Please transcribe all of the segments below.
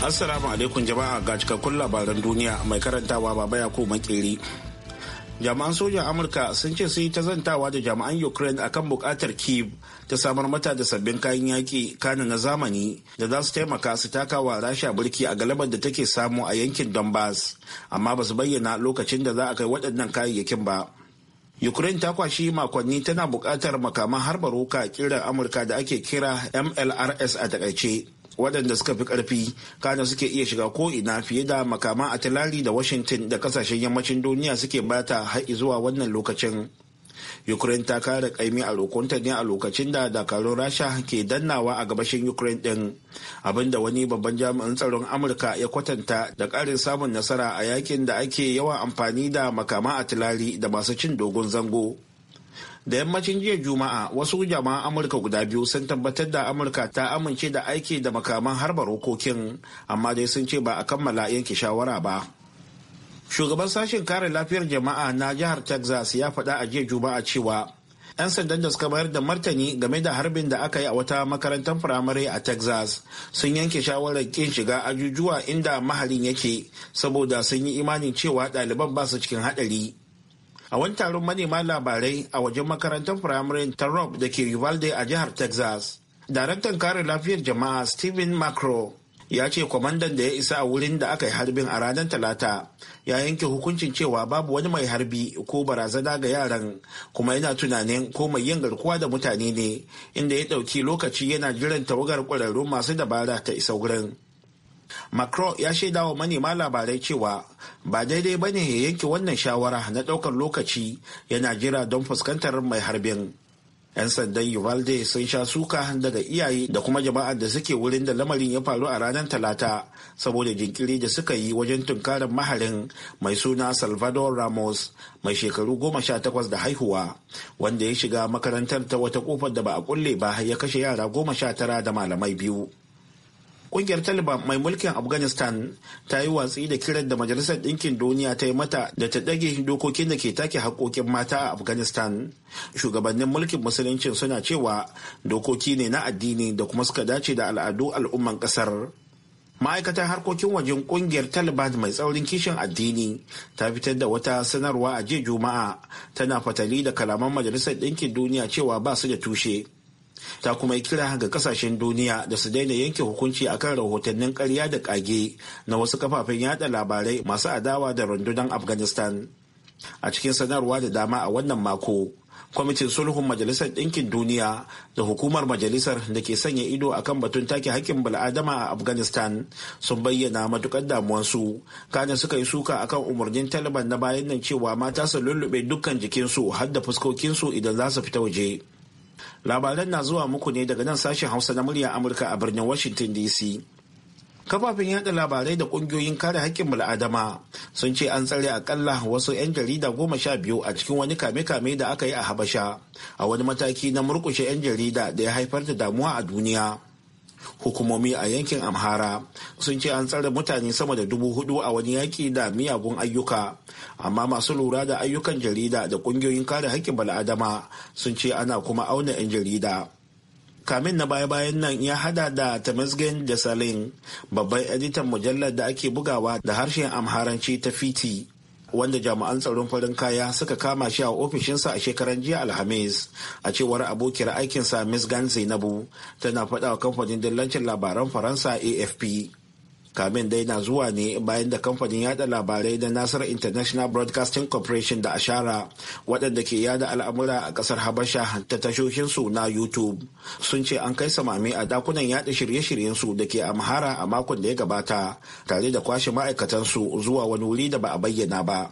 Assalamu alaikum jama'a ga cikakkun labaran duniya mai karantawa baba ya Yakubu Makeri. Jami'an sojan Amurka sun ce sun yi ta zantawa da jami'an Ukraine akan bukatar Kyiv ta samar mata da sabbin kayan yaki kana na zamani da za su taimaka su taka wa rasha burki a galabar da take samu a yankin Donbass amma ba su bayyana lokacin da za a kai waɗannan kayayyakin ba. Ukraine ta kwashi makonni tana buƙatar makaman harba roka kiran Amurka da ake kira MLRS a takaice. waɗanda suka fi ƙarfi kana suke iya shiga ko ina fiye da makama a tilari da washington da kasashen yammacin duniya suke bata har zuwa wannan lokacin ukraine ta kare kaimi a rokonta ne a lokacin da dakarun rasha ke dannawa a gabashin ukraine din abinda wani babban jami'in tsaron amurka ya kwatanta da ƙarin samun nasara a yakin da ake yawan amfani da makama a tilari da masu cin dogon zango da yammacin jiya juma'a wasu jama'an amurka guda biyu sun tabbatar da amurka ta amince da aiki da makaman harbar hukokin amma dai sun ce ba a kammala yanke shawara ba shugaban sashen kare lafiyar jama'a na jihar texas ya faɗa a jiya juma'a cewa 'yan sandan da suka mayar da martani game da harbin da aka yi a wata makarantar firamare a texas sun yanke shawarar kin shiga ajujuwa inda maharin yake saboda sun yi imanin cewa ɗaliban ba su cikin haɗari a wani taron manema labarai a wajen makarantar firamare ta rob da ke rivalde a jihar texas daraktan kare lafiyar jama'a Steven macro ya ce kwamandan da ya isa a wurin da aka yi harbin a ranar talata ya yanke hukuncin cewa babu wani mai harbi ko barazana ga yaran kuma yana tunanin ko mai yin garkuwa da mutane ne inda ya ɗauki lokaci yana jiran tawagar ƙwararru masu dabara ta isa wurin macron ya shaida wa manema labarai cewa ba daidai ba ne ya yanke wannan shawara na ɗaukar lokaci yana jira don fuskantar mai harbin 'yan sandan uvalde sun sha suka daga iyaye da kuma jama'ar da suke wurin da lamarin ya faru a ranar talata saboda jinkiri da suka yi wajen tunkarar maharin mai suna salvador ramos mai shekaru goma sha takwas da haihuwa wanda ya shiga makarantar ta wata kofar da ba a kulle ba ya kashe yara goma sha tara da malamai biyu Ƙungiyar Taliban mai mulkin Afghanistan ta yi watsi da kiran da Majalisar Ɗinkin Duniya ta yi mata da ta ɗage dokokin da ke take haƙoƙin mata a Afghanistan. Shugabannin mulkin Musuluncin suna cewa dokoki ne na addini da kuma suka dace da al'adu al'umman ƙasar. ma'aikatar harkokin wajen kungiyar taliban mai tsaurin kishin addini ta fitar da wata sanarwa a jiya juma'a tana fatali da kalaman majalisar ɗinkin duniya cewa ba su da tushe ta kuma yi kira ga kasashen duniya da su daina yanke hukunci akan rahotannin karya da kage na wasu kafafen yada labarai masu adawa da rundunar afghanistan a cikin sanarwa da dama a wannan mako kwamitin sulhun majalisar ɗinkin duniya da hukumar majalisar da ke sanya ido a kan batun take hakkin bal'adama a afghanistan sun bayyana matukar damuwansu kana suka yi suka akan umarnin taliban na bayan nan cewa mata su lullube dukkan jikinsu har da fuskokinsu idan za su fita waje Labaran na zuwa muku ne daga nan sashen Hausa na murya Amurka a birnin Washington DC. kafafen yada labarai da kungiyoyin kare haƙƙin bil'adama sun ce an tsare akalla wasu 'yan jarida goma sha biyu a cikin wani kame-kame da aka yi a habasha a wani mataki na murkushe 'yan jarida da ya haifar da damuwa a duniya hukumomi a yankin amhara sun ce an tsare mutane sama da dubu hudu a wani yaki da miyagun ayyuka amma masu lura da ayyukan jarida da kungiyoyin kare haƙƙin bal'adama sun ce ana kuma auna 'yan jarida kamin na baya-bayan nan ya hada da tamasgen da salin babban editan mujallar da ake bugawa da harshen amharanci ta fiti wanda jami'an tsaron farin kaya suka kama shi a ofishinsa a shekaran jiya alhamis a cewar abokiyar aikinsa miss gan zainabu tana faɗa wa kamfanin dillancin labaran faransa afp kamin dai na zuwa ne bayan da kamfanin yada labarai da nasar international broadcasting corporation da ashara waɗanda ke yada al'amura a ƙasar habasha ta tashoshinsu na youtube sun ce an kai samami a dakunan yada shirye-shiryensu da ke amhara a makon da ya gabata tare da kwashe ma'aikatansu zuwa wani wuri da ba a bayyana ba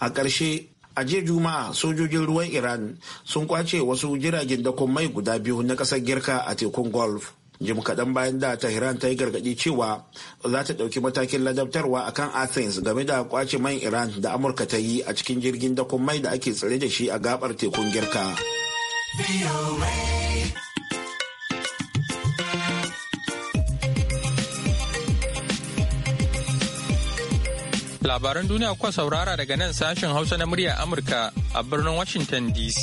a ƙarshe a jiya juma'a sojojin ruwan iran sun kwace wasu jiragen dakon mai guda biyu na ƙasar girka a tekun golf jim kaɗan bayan da tehran ta yi gargaɗi cewa za ta ɗauki matakin ladabtarwa a kan athens game da kwace man iran da amurka ta yi a cikin jirgin dakon mai da ake tsare da shi a gabar tekun girka labaran duniya kuwa saurara daga nan sashen hausa na murya amurka a birnin washington dc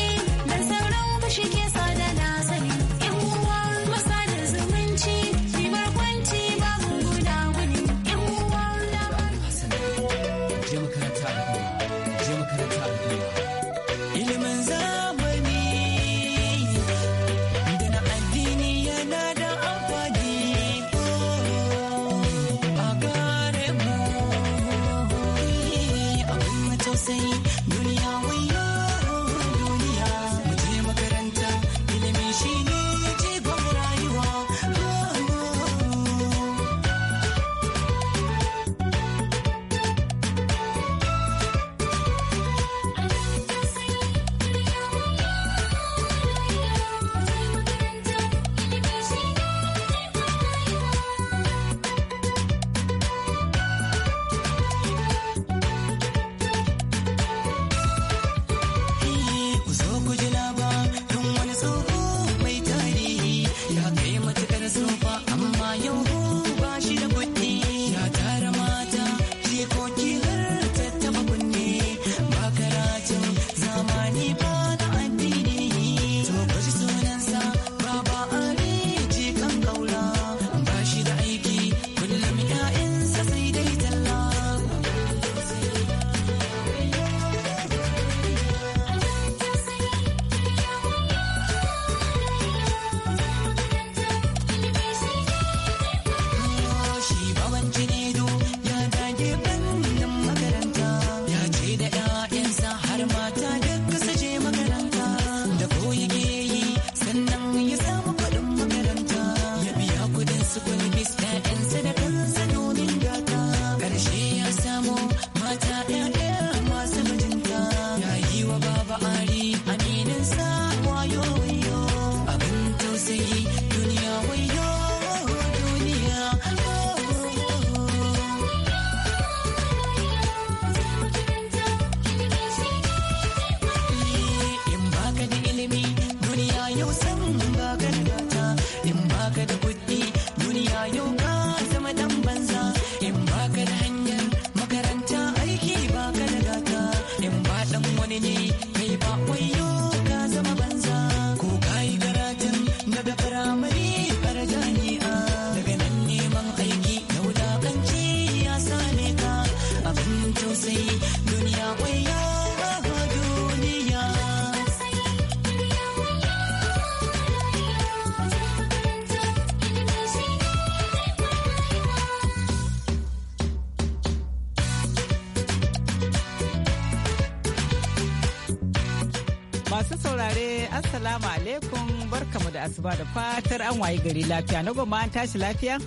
an waye gari lafiya na goma an tashi lafiya?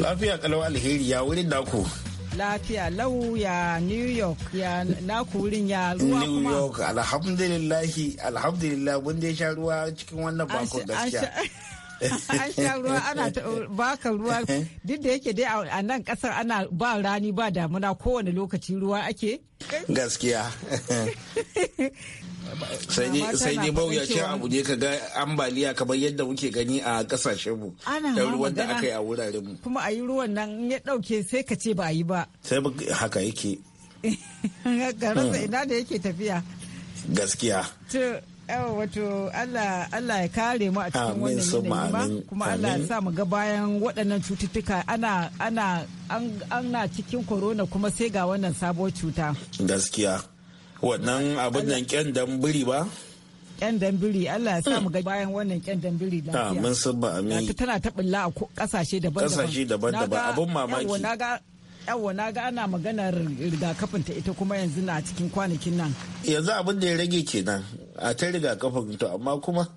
Lafiya kalau alheri ya wurin naku. Lafiya lau ya New York ya naku wurin ya ruwa kuma. New York alhamdulillahi alhamdulillah wanda ya sha ruwa cikin wannan bakon gaskiya. an sha ruwa ana baka ruwa duk da yake dai a nan kasar ana ba rani ba damuna kowane lokaci ruwa ake gaskiya sai dai mawuyacin abu ne ka ga ambaliya kamar yadda muke gani a kasashen mu da ruwan da aka yi a wuraren mu kuma a yi ruwan nan ya dauke sai ka ce ba a yi ba sai haka yake ga rasa ina da yake tafiya gaskiya yawa wato Allah ya kare mu a cikin wannan yanayi kuma Allah ya sa mu ga bayan waɗannan cututtuka ana ana na cikin corona kuma sai ga wannan sabuwar cuta gaskiya waɗannan abin nan kyan biri ba kyan dambiri Allah ya sa mu ga bayan wannan kyan dambiri lafiya amin sabba amin tana ta bulla a kasashe daban-daban kasashe daban-daban abin na ga ana maganar rigakafin ta ita kuma yanzu na cikin kwanakin nan yanzu abin da ya rage kenan a ta riga kafin to amma kuma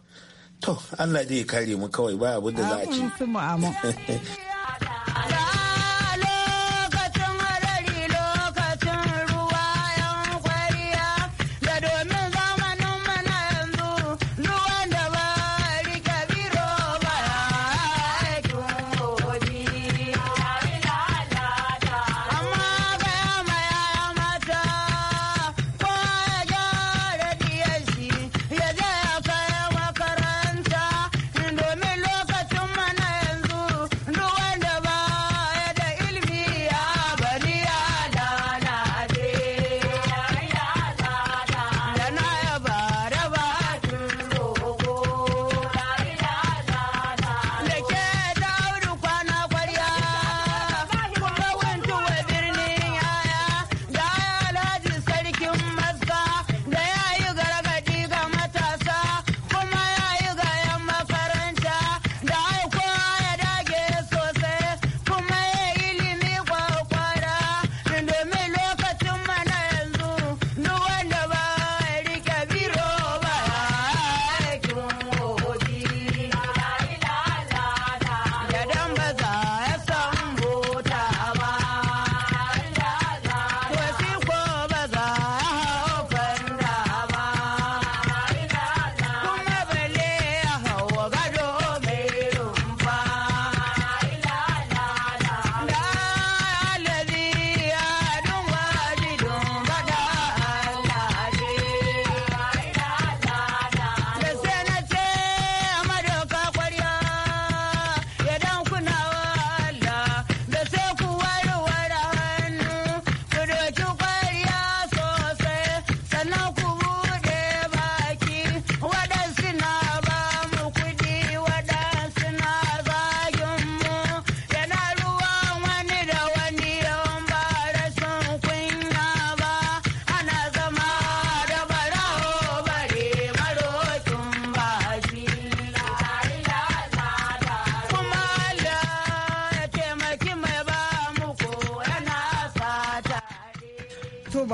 to Allah zai kare mu kawai ba abin da za a ci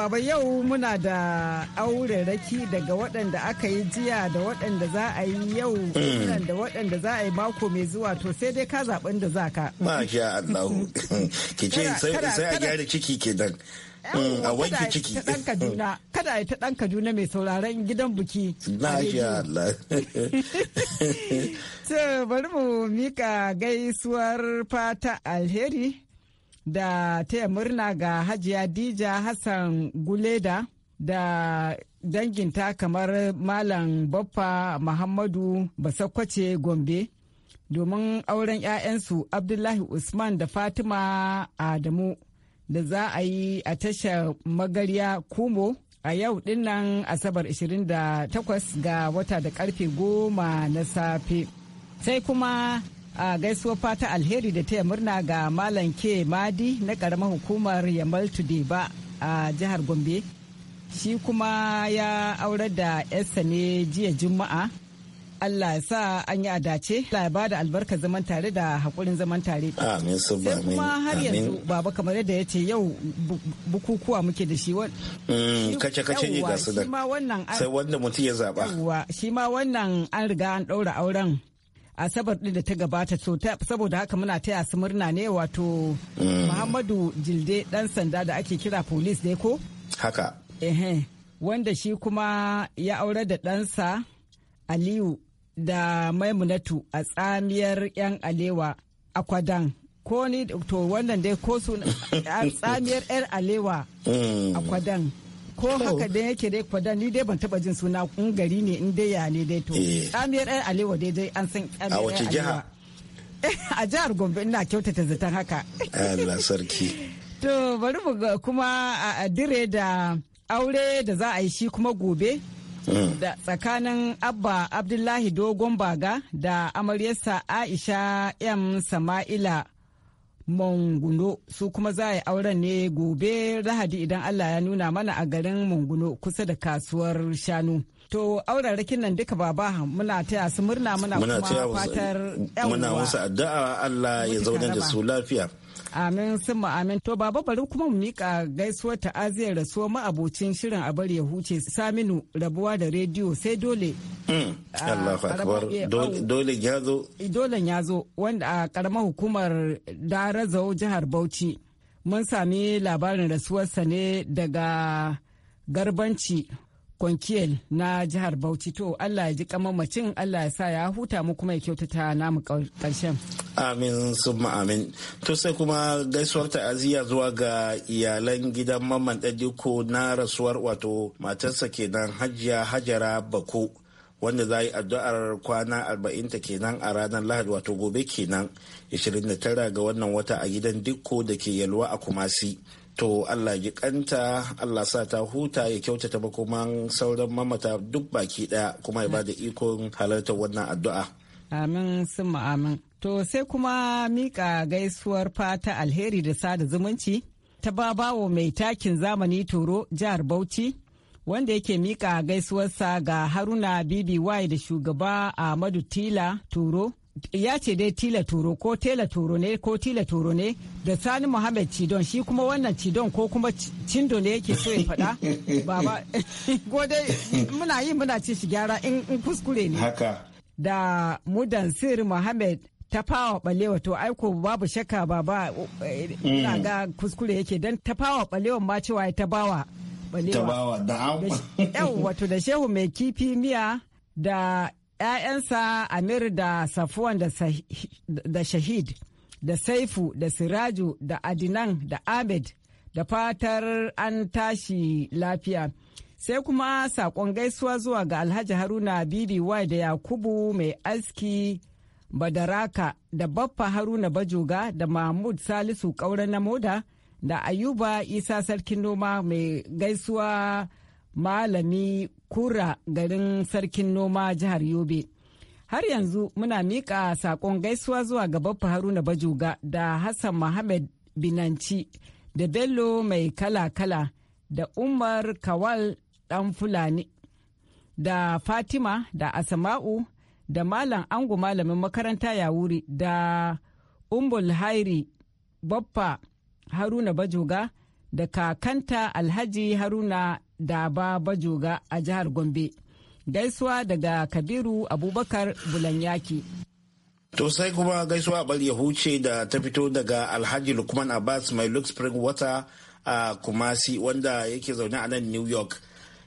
baba yau muna da aure raki daga waɗanda aka yi jiya da waɗanda za a yi yau mm. da waɗanda za a yi mako mai zuwa to sai dai ka zaɓen da za ka. Masha Allah Ki ce sai a gyara ciki ke dan. Mm, a wanke ciki kada a yi ta ɗan kaduna mai sauraron gidan buki to bari mu mika gaisuwar fata alheri da taya murna ga hajiya dija hassan guleda da danginta kamar malam baffa muhammadu basakwace gombe domin auren 'ya'yansu abdullahi usman da fatima adamu da za a yi a tashar magarya kumo a yau dinnan asabar 28 ga wata da karfe 10 na safe sai kuma a gaisuwa fata alheri da taya murna ga malam ke madi na karamar hukumar yamal ba a jihar gombe shi kuma ya aurar da yarsa ne jiya juma'a allah ya sa an yi adace ya ba da albarka zaman tare da haƙurin zaman tare amin sai kuma har yanzu baba kamar yadda ya ce yau bukukuwa muke da shi mm, kace kace ne ga su da sai wanda mutum ya zaba shi ma wannan an riga an ɗaura auren asabar ɗin da ta gabata so saboda haka muna taya su murna ne wato mm. muhammadu jilde ɗan sanda da ake kira police ne ko haka ehe wanda shi kuma ya aure da ɗansa aliyu da maimunatu a tsamiyar 'yan alewa a kwadan ko ni to wannan dai ko su tsamiyar 'yan alewa mm. a kwadan ko haka dai yake dai kwada ni dai ban taba jin suna in gari ne in dai ya ne dai to eh. amir ɗan alewa dai dai an san a wace jiha a jihar gombe ina kyautata zaton haka allah sarki to bari mu kuma a dire da aure da za a yi shi kuma gobe mm. da tsakanin abba abdullahi dogon baga da amaryarsa aisha m sama'ila Manguno su kuma za a yi auren ne gobe Lahadi idan Allah ya nuna mana a garin Manguno kusa da kasuwar shanu. To aurarrakin nan duka baba muna taya su murna muna kuma fatar Muna wasu addu'a Allah ya zaune da su lafiya. Amin sun amin to baba bari kuma mu mika gaisuwar ta'aziyar rasuwar ma'abocin shirin a bari ya huce Saminu rabuwa da rediyo sai dole. Hmm, dole ya zo. Eh, dole ya zo wanda a karamar hukumar Darazau jihar Bauchi. Mun sami labarin rasuwarsa ne daga garbanci Kwankiyel na jihar Bauchi to Allah ya ji kamamacin Allah ya sa ya huta mu kuma ya kyautata namu karshen. Amin summa amin. To sai kuma gaisuwar ta'aziyya zuwa ga iyalan gidan Mamman Dadiko na rasuwar wato matarsa kenan Hajiya Hajara Bako wanda za yi addu'ar kwana 40 ta kenan a ranar Lahadi wato gobe kenan 29 ga wannan wata a gidan Dikko da ke Yalwa a Kumasi. to allah ya kanta allah sa ta huta ya kyautata makoman sauran mamata duk baki daya kuma ya bada ikon halartar wannan addu'a amin sun amin to sai kuma mika gaisuwar fata alheri da sada zumunci ta babawo mai takin zamani toro jihar bauchi wanda yake mika gaisuwarsa ga haruna bibi da shugaba ahmadu tila toro ya ce dai tila turo ko tela turo ne ko tila turo ne da sani muhammad cidon shi kuma wannan cidon ko kuma cindo ne yake so ya faɗa baba gode muna yi muna ci shi gyara in kuskure ne haka da mudan sir muhammad ta fawa balewa to aiko babu shakka baba eh, ina mm. ga kuskure yake don ta fawa balewa ma cewa ta bawa balewa da wato da shehu mai kifi miya da ‘ya'yansa Amir da Safuwan da Shahid da Saifu da Siraju da Adinan da Ahmed da fatar an tashi lafiya. Sai kuma saƙon gaisuwa zuwa ga Alhaji Haruna Wai da Yakubu mai aski Badaraka da Baffa Haruna Bajoga da Mahmud Salisu Kaura na Moda da Ayuba Isa Sarkin Noma mai gaisuwa Malami kura garin sarkin noma jihar yobe har yanzu muna mika sakon gaisuwa zuwa ga baffa haruna bajuga da hassan mohamed binanci da bello mai kala-kala da umar kawal ɗan fulani da fatima da asama'u da malam ango malamin makaranta yawuri da umbul hairi baffa haruna bajuga da kakanta alhaji haruna daba bajoga a jihar gombe gaisuwa daga kabiru abubakar bulanyaki To sai kuma gaisuwa a ya huce da ta fito daga Alhaji Lukman Abbas mai Luke Spring Water a Kumasi wanda yake zaune a nan New York.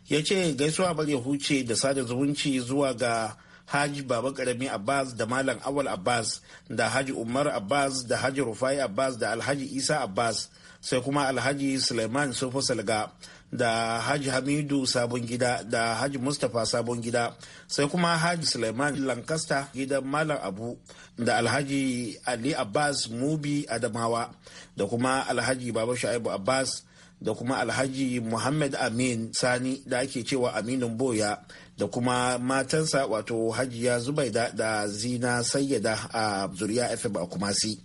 Ya ce gaisuwa bar ya huce da sada zumunci zuwa ga Haji Baba Karami Abbas da Malam Awal Abbas da Haji Umar Abbas da Haji Rufai Abbas da Alhaji Isa Abbas sai kuma Alhaji Suleiman Sofo Salga da Haji Hamidu Sabon Gida da Haji Mustapha Sabon Gida sai kuma Haji Suleiman Lancaster gidan Malam Abu da Alhaji Ali Abbas Mubi Adamawa da kuma Alhaji Baba Sha'ibu Abbas da kuma Alhaji Muhammad Amin Sani da ake cewa Aminin Boya da kuma matansa wato Hajiya Zubaida da Zina Sayyada a Zuriya FM a Kumasi.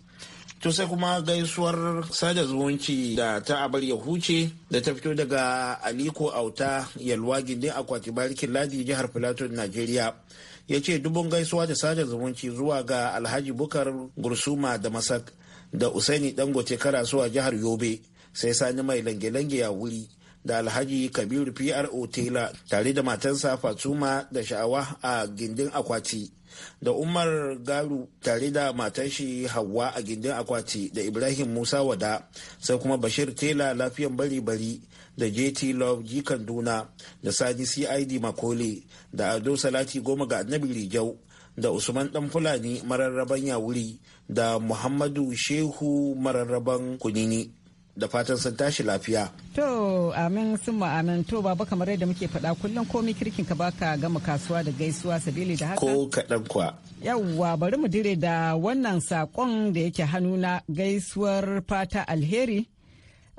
To sai kuma gaisuwar sada zumunci da ta abar ya huce da ta fito daga Aliko Auta Yalwa Gindin Akwati Barikin Ladi jihar Filato Najeriya. Ya ce dubun gaisuwa da sada zumunci zuwa ga Alhaji Bukar Gursuma da Masak da Usaini Dangote zuwa jihar Yobe sai sani mai lange-lange a wuri da alhaji kabiru pro tela tare da matansa fatuma da sha'awa a gindin akwati da umar garu tare da matar shi hawa a gindin akwati da ibrahim musa wada sai kuma bashir tela lafiyan bari-bari da jt love ji kaduna da sani cid makole da ado salati goma ga annabi rijau da usman dan fulani mararraban yawuri da muhammadu shehu mararraban kunini da fatan sun tashi lafiya. To amin sun amin to baba kamar yadda muke faɗa kullum komi kirkin ka baka gama kasuwa da gaisuwa sabili da haka. Ko kaɗan kwa. Yawwa bari mu dire da wannan sakon da yake hannu na gaisuwar fata alheri.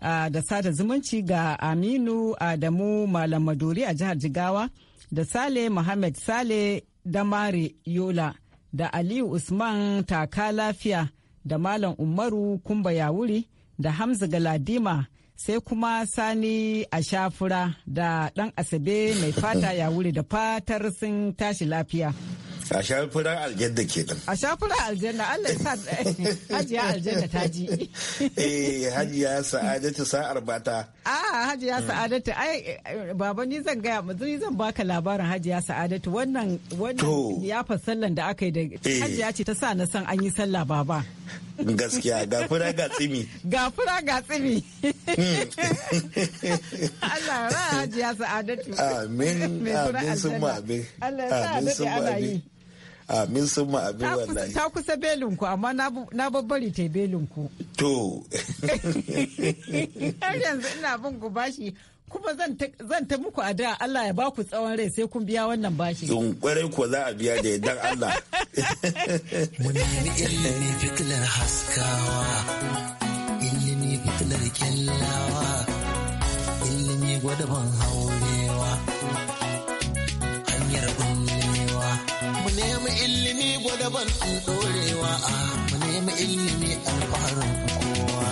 da sada zumunci ga Aminu Adamu Malam Maduri a jihar Jigawa da Sale Muhammad Sale Damare Yola da Aliyu Usman Taka Lafiya da Malam Umaru Kumba Yawuri. da Hamza Galadima sai kuma Sani Ashafura da ɗan Asabe mai fata ya wuri da fatar sun tashi lafiya. A shafura aljanda ke nan. A shafura aljanda, Allah ya sa hajiya aljanda ta ji. Eh hajiya sa'adatu sa'ar bata Ah, Hajiya mm. Sa'adatu ai baba ni zan gaya mu zan baka labarin Hajiya Sa'adatu wannan wannan ya fasallan da aka yi da eh. Hajiya ce ta sa na san an yi sallah baba. Gaskiya ga fura ga tsimi. Ga fura ga tsimi. Mm. Allah ya ra Hajiya Sa'adatu. Amin amin sun ma amin. Allah ya sa ana yi. Amin sun ma abin wallahi. Ta kusa belin ku amma na babbari ta belin ku. To. Har yanzu ina bin ku bashi kuma zan ta muku ada Allah ya ba ku tsawon rai sai kun biya wannan bashi. Don kwarai kuwa za a biya da yardan Allah. Muna ni ilimi fitilar haskawa, ilimi fitilar kyallawa, ilimi gwada ban hawa. ilimi gwadaban alɗorewa a mu nemi ilimi alfaharin kowa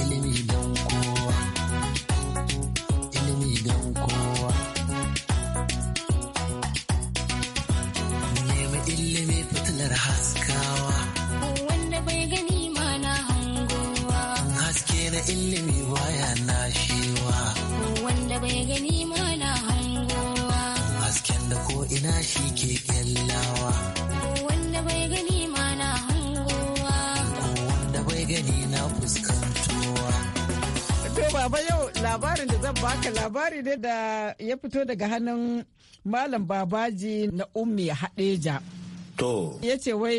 ilimi don kowa ilimi don kowa mu nemi ilimi fitilar haskawa wanda bai gani mana hangowa haske na ilimi shi ke kyallawa wanda bai gani ma na hangowa wanda bai gani na fuskantowa to baba yau labarin da zan baka labari ne da ya fito daga hannun malam babaji na ummi hadeja to ya ce wai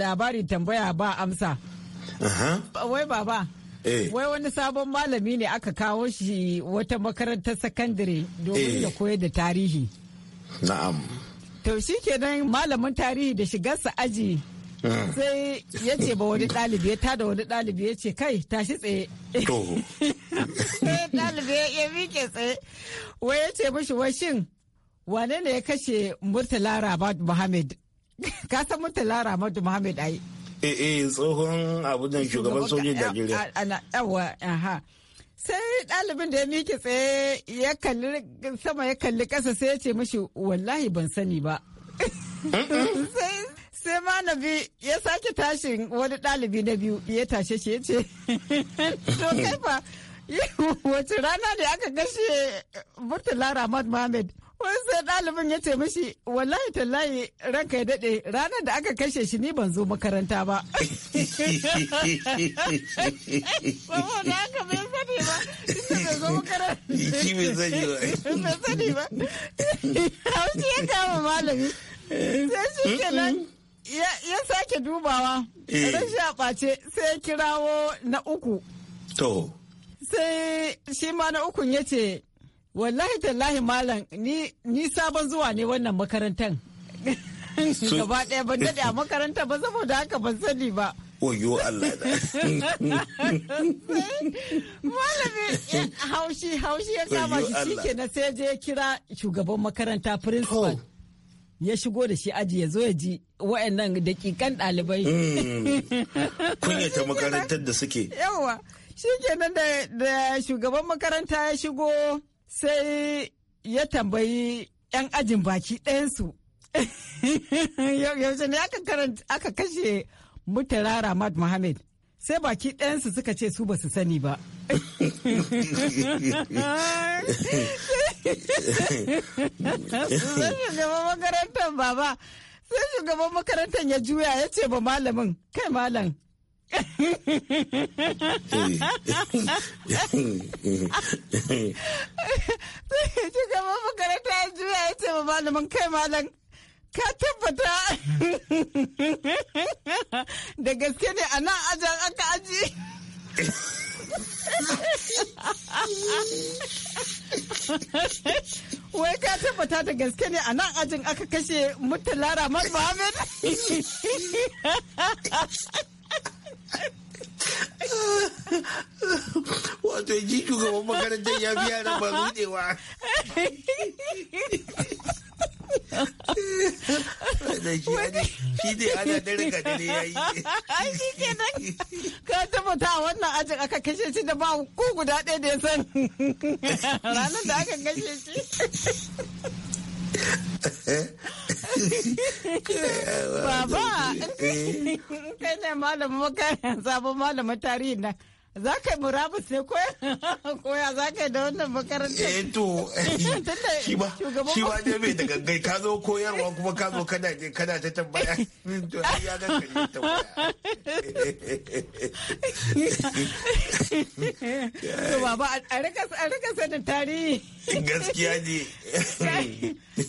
labari tambaya ba amsa wai baba Hey. Eh. wai wani sabon malami ne aka kawo shi wata makarantar sakandare domin eh. ya koyar da tarihi na'am to shi kenan malamin tarihi da shigarsa aji ah. sai ya ce ba wani ɗalibi ya tada wani ɗalibi ya ce kai tashi tsaye ɗalibi ya miƙe tsaye wai ya ce mashi washin wane ne ya kashe murtala rabat muhammad ka san murtala rabat muhammad ai eh eh tsohon abin shugaban sojin najeriya yawa sai ɗalibin da ya miki tsaye ya kalli sama ya kalli ƙasa sai ya ce mashi wallahi ban sani ba sai ma ya sake tashin wani ɗalibi na biyu ya tashe shi ya ce to kai fa wace rana ne aka gashe murtala ramad mohamed Wasu ɗalibin ya ce mashi wallahi tallahi ranka ya daɗe ranar da aka kashe shi ni ban zo makaranta ba. Saboda haka bai sani ba, bai zo makaranta. Shi bai sani ba. Bai sani ba. Haushi ya kama malami. Sai shi kenan ya sake dubawa. Eh. Rashin a ɓace sai ya kirawo na uku. To. Sai shi ma na ukun ya ce wallahi tallahi malam ni ni sabon zuwa ne wannan makarantar gaba ɗaya ban daɗe a makarantar ba saboda haka ban sani ba oyo Allah da malami eh, eh, haushi haushi ya kama shi shike na sai je kira shugaban makaranta principal oh. ya shigo da shi aji ya zo ya ji wa'annan dakikan ɗalibai hmm. kunyata makarantar da suke yawa shi kenan da shugaban makaranta ya shigo sai ya tambayi 'yan ajin baki ɗayansu yaushe ne aka kashe mutara ramad mohammed sai baki ɗayansu suka ce su ba sani ba shugaban makarantar baba sai shugaban makarantar ya juya ya ce ba malamin kai malam Ci gaba makarata ya juya ya ce malamin kai malam ka tabbata da gaske ne a nan ajiyar aka aji. Wai ka tabbata da gaske ne a nan ajin aka kashe Murtala Ramar Muhammad? makarantar ya biya da ya yi ka wannan ajin aka kashe shi da ba ku guda ɗaya da ya san ranar da aka kashe shi Baba, eh. kai ne malamin makarantar sabon malamin tarihi na za ka yi murabus ne ko koya za ka yi da wannan makarantar? eh to eh, shi ba shi ba dai bai daga gai ka zo koyarwa kuma ka zo kana je kana ta tambaya to ya ga ne ta ba a rika a rika sanin tarihi gaskiya ne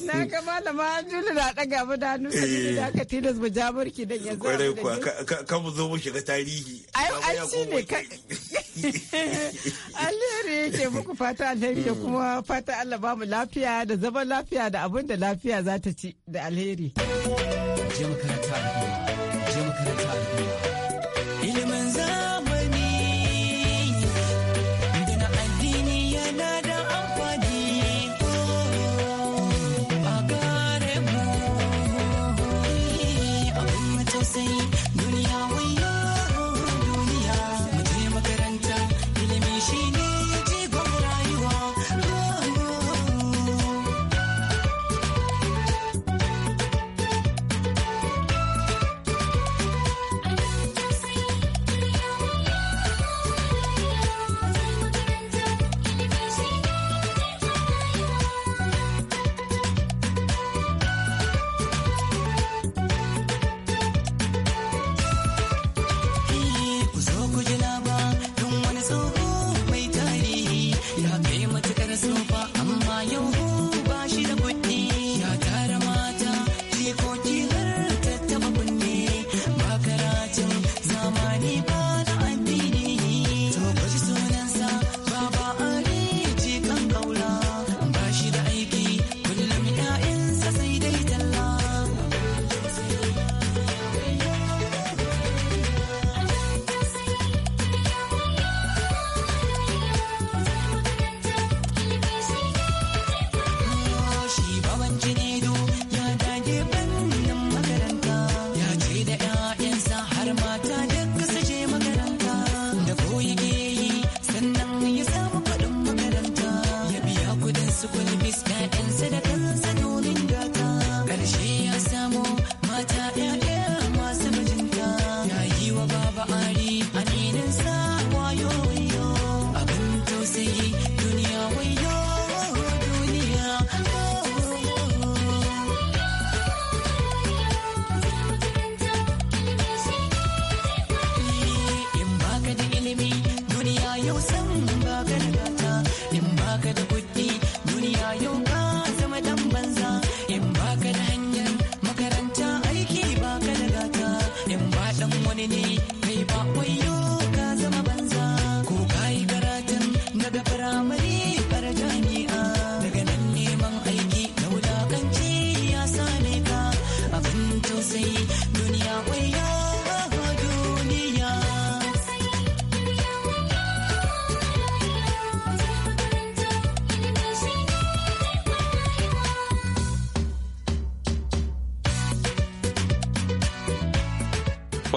na ga malama Julu na daga mu da hannu eh. da ka tilas mu jaburki dan yanzu kwarai ka mu zo mu shiga tarihi ai ai ne. alheri yake muku fata alheri da mm. kuma fata Allah ba mu lafiya da zaman lafiya da abin da lafiya za ta ci da alheri. makaranta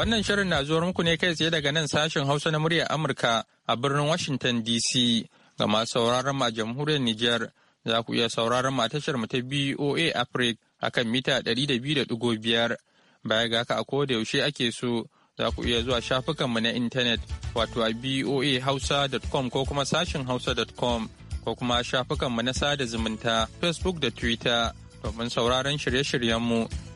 Wannan shirin na zuwa muku ne kai tsaye daga nan sashen Hausa na muryar Amurka a birnin Washington DC ga masu sauraron ma jamhuriyar Nijar za ku iya sauraron ma tashar mu ta BOA Africa akan mita ɗari da da 200.5 baya ga haka a ko da yaushe ake so za ku iya zuwa shafukanmu na intanet wato a boahausa.com ko kuma sashin hausa.com ko kuma shafukanmu na sada zumunta facebook da twitter domin sauraron shirye-shiryenmu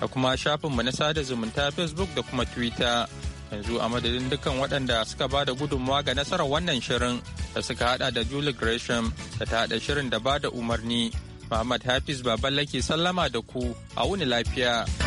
da kuma mu na sada zumunta facebook da kuma twitter yanzu a madadin dukkan waɗanda suka ba da gudunmawa ga nasarar wannan shirin da suka hada da julie gresham da ta hada shirin da ba da umarni muhammad hafiz ke sallama da ku a wuni lafiya.